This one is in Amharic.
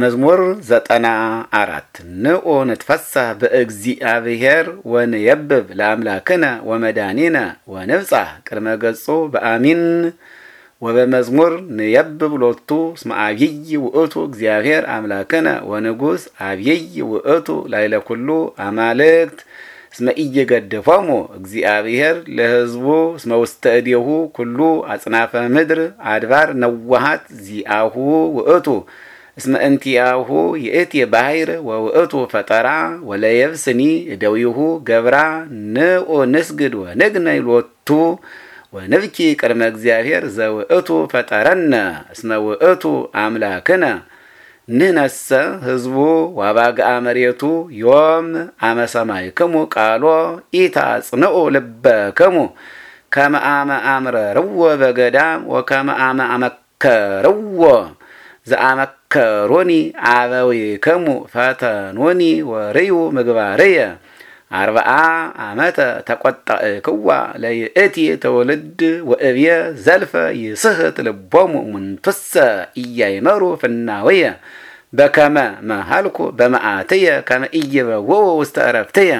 መዝሙር ዘጠና አራት ንኡ ንትፈሳህ በእግዚአብሔር ወንየብብ ለአምላክነ ወመዳኒነ ወንብጻ ቅድመ ገጹ በአሚን ወበመዝሙር ንየብብ ሎቱ እስመ አብይ ውእቱ እግዚአብሔር አምላክነ ወንጉስ አብይ ውእቱ ላይለ ኩሉ አማልክት እስመ ኢይገድፎሙ እግዚአብሔር ለሕዝቡ እስመ ውስተ እዴሁ ኩሉ አጽናፈ ምድር አድባር ነዋሃት ዚአሁ ውእቱ እስመ እንቲያሁ ይእቲ ባሕር ወውእቱ ፈጠራ ወለየብስኒ እደዊሁ ገብራ ንኦ ንስግድ ወንግነይ ሎቱ ወንብኪ ቅድመ እግዚአብሔር ዘውእቱ ፈጠረነ እስመ ውእቱ አምላክነ ንህነሰ ህዝቡ ዋባግአ መሬቱ ዮም አመሰማይክሙ ቃሎ ኢታጽንኡ ልበክሙ ከመ አመ አምረርዎ በገዳም ወከመ አመ አመከርዎ ዘአመ ከሮኒ አበዊክሙ ፈተኖኒ ወርዩ ምግባርየ አርብዓ ዓመተ ተቈጠእክዋ ለይእቲ ትውልድ ወእብየ ዘልፈ ይስሕት ልቦሙ እሙንቱሰ ኢያይመሩ ፍናውየ በከመ መሃልኩ በመዓትየ ከመ ኢይበውው ውስተ ዕረፍትየ